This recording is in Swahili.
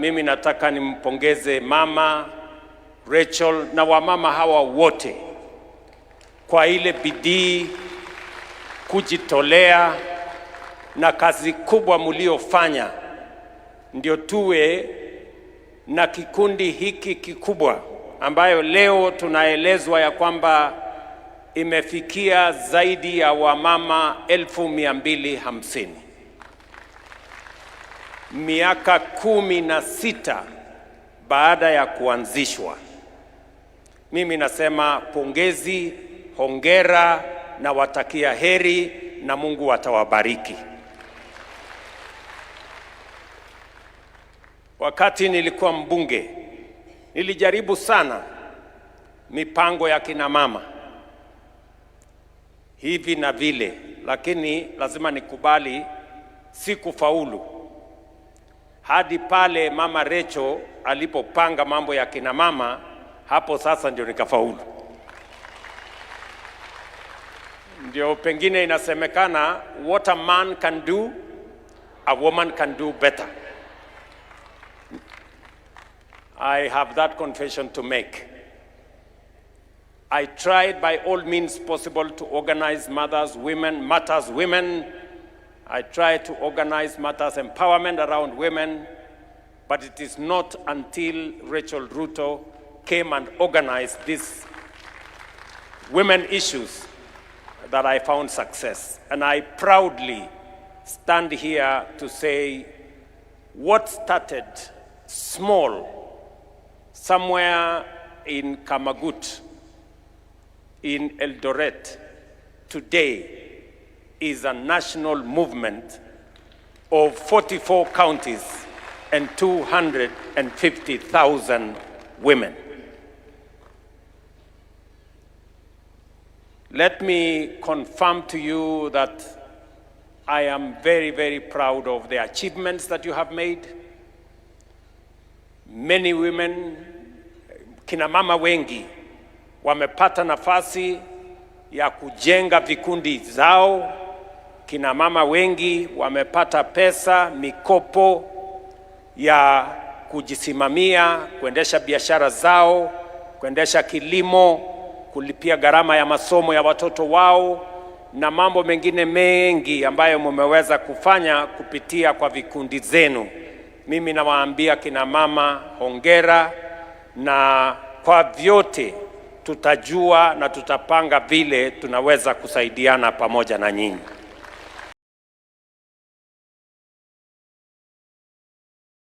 mimi nataka nimpongeze mama Rachel na wamama hawa wote kwa ile bidii, kujitolea na kazi kubwa mliofanya, ndio tuwe na kikundi hiki kikubwa ambayo leo tunaelezwa ya kwamba imefikia zaidi ya wamama elfu mia mbili hamsini miaka kumi na sita baada ya kuanzishwa. Mimi nasema pongezi, hongera na watakia heri na Mungu atawabariki. Wakati nilikuwa mbunge nilijaribu sana mipango ya kina mama hivi na vile, lakini lazima nikubali si kufaulu hadi pale mama Recho alipopanga mambo ya kina mama, hapo sasa ndio nikafaulu. Ndio pengine inasemekana what a man can do a woman can do better. I have that confession to make. I tried by all means possible to organize mothers, women, matters, women I try to organize matters empowerment around women, but it is not until Rachel Ruto came and organized these women issues that I found success. And I proudly stand here to say what started small somewhere in Kamagut, in Eldoret, today is a national movement of 44 counties and 250,000 women. Let me confirm to you that I am very, very proud of the achievements that you have made. Many women, kina mama wengi wamepata nafasi ya kujenga vikundi zao Kina mama wengi wamepata pesa, mikopo ya kujisimamia, kuendesha biashara zao, kuendesha kilimo, kulipia gharama ya masomo ya watoto wao na mambo mengine mengi ambayo mumeweza kufanya kupitia kwa vikundi zenu. Mimi nawaambia kina mama, hongera, na kwa vyote tutajua na tutapanga vile tunaweza kusaidiana pamoja na nyinyi.